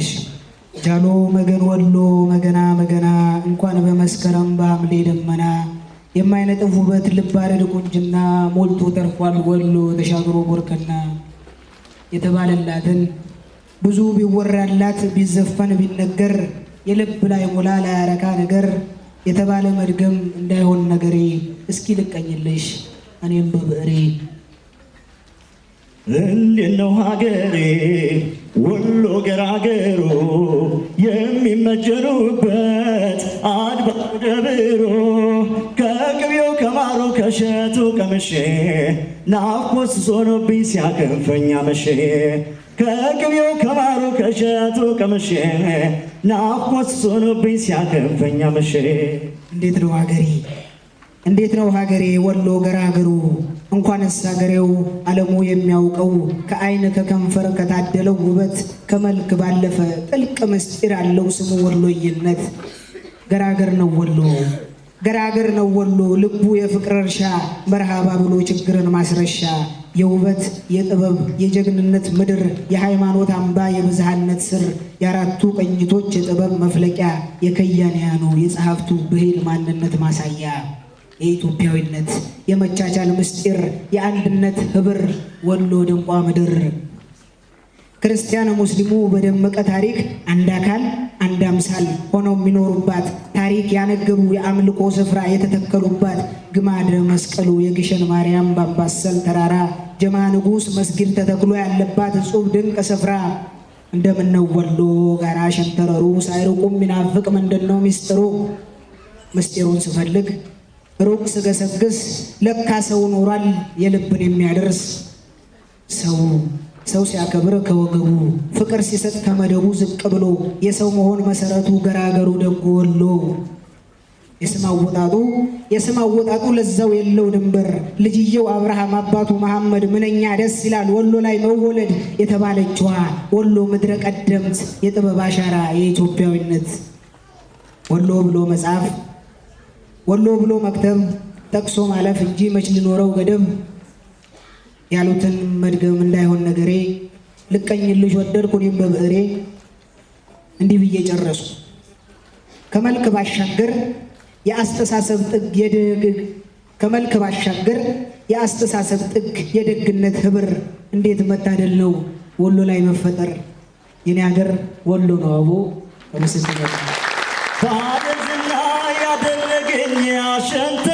እሺ ጃሎ መገን ወሎ መገና መገና እንኳን በመስከረም በሐምሌ ደመና የማይነጥፍ ውበት ልባረድ ቁንጅና ሞልቶ ተርፏል ወሎ ተሻግሮ ቦርከና የተባለላትን ብዙ ቢወራላት ቢዘፈን ቢነገር የልብ ላይ ሞላ ላያረካ ነገር የተባለ መድገም እንዳይሆን ነገሬ እስኪ ልቀኝልሽ እኔም በብዕሬ እንዴት ነው ሀገሬ ወሎ ገራገሩ የሚመጀኑበት አድባሩ ደብሮ ከቅቤው ከማሩ ከሸቱ ቀምሼ ናፍቆት ዞኖብኝ ሲያከንፈኝ አመሼ ከቅቤው ከማሩ ከሸቱ ቀምሼ ናፍቆት ዞኖብኝ ሲያከንፈኝ አመሼ እንዴት ነው ሀገሬ እንዴት ነው ሀገሬ ወሎ ገራገሩ እንኳንስ ሀገሬው ዓለሙ የሚያውቀው ከአይን ከከንፈር ከታደለው ውበት ከመልክ ባለፈ ጥልቅ ምስጢር አለው ስሙ ወሎይነት። ገራገር ነው ወሎ ገራገር ነው ወሎ ልቡ የፍቅር እርሻ መርሃባ ብሎ ችግርን ማስረሻ የውበት የጥበብ የጀግንነት ምድር የሃይማኖት አምባ የብዝሃነት ስር የአራቱ ቀኝቶች የጥበብ መፍለቂያ የከያንያኑ የጸሐፍቱ ብሂል ማንነት ማሳያ የኢትዮጵያዊነት የመቻቻል ምስጢር የአንድነት ህብር ወሎ ድንቋ ምድር ክርስቲያን ሙስሊሙ በደመቀ ታሪክ አንድ አካል አንድ አምሳል ሆነው የሚኖሩባት ታሪክ ያነገቡ የአምልኮ ስፍራ የተተከሉባት ግማደ መስቀሉ የግሸን ማርያም ባምባሰል ተራራ ጀማ ንጉሥ መስጊድ ተተክሎ ያለባት እጹብ ድንቅ ስፍራ እንደምነው ወሎ ጋራ ሸንተረሩ ሳይርቁም ሚናፍቅ ምንድነው ሚስጥሩ? ምስጢሩን ስፈልግ ሩቅ ስገሰግስ ለካ ሰው ኖሯል የልብን የሚያደርስ ሰው ሰው ሲያከብር ከወገቡ ፍቅር ሲሰጥ ከመደቡ ዝቅ ብሎ የሰው መሆን መሰረቱ ገራገሩ ደጎ ወሎ የስም አወጣጡ የስም አወጣጡ ለዛው የለው ድንበር ልጅየው አብርሃም አባቱ መሐመድ ምንኛ ደስ ይላል ወሎ ላይ መወለድ የተባለችዋ ወሎ ምድረ ቀደምት የጥበብ አሻራ የኢትዮጵያዊነት ወሎ ብሎ መጽሐፍ ወሎ ብሎ መክተም ጠቅሶ ማለፍ እንጂ መች ልኖረው ገደም ያሉትን መድገም እንዳይሆን ነገሬ ልቀኝልሽ ወደድኩ እኔም በብዕሬ እንዲህ ብዬ ጨረሱ። ከመልክ ባሻገር የአስተሳሰብ ጥግ የደግ ከመልክ ባሻገር የአስተሳሰብ ጥግ የደግነት ህብር እንዴት መታደል ነው ወሎ ላይ መፈጠር። የኔ ሀገር ወሎ ነው አቦ በምስል ያደረገኝ አሸንተ